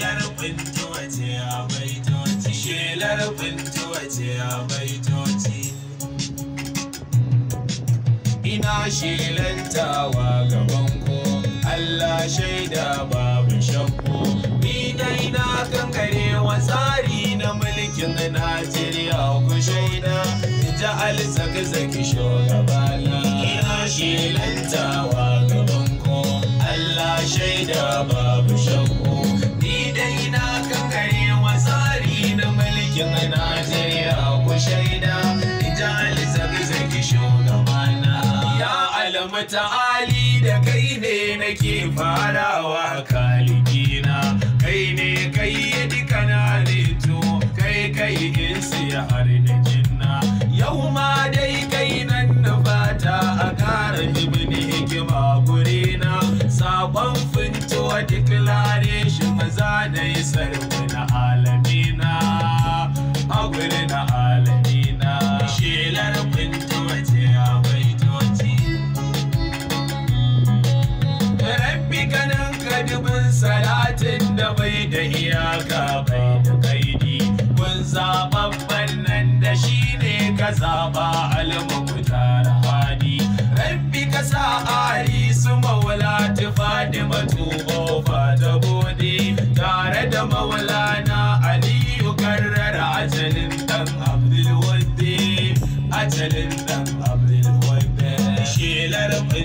shelar bintuwa ce a baitoci a ina shelantawa gaban ko Allah shaida babu shakko ni dai na kankare wa tsari na mulkin Najeriya ku shaida ja alzaka zaki shugabana ina shelantawa gaban ko Allah shaida babu shakko yan Najeriya ku shaida Ijali zaki zaki shugabana Ya alamu ta'ali da kai ne nake farawa kalikina Kaine kai ya duka na kai kai in siya har da jinna Yau ma dai kai nan na fata a ƙara ibini hikima gurina Sabon fintuwa a duk lare dubin salatin da bai da iyaka bai da kaidi kun zababban nan da shi ne ka zaba almukutar hadi rabbi ka sa ari su maula tufadi matubo fata bode. tare da maulana aliyu karrara ajalin dan abdul ajalin dan shelar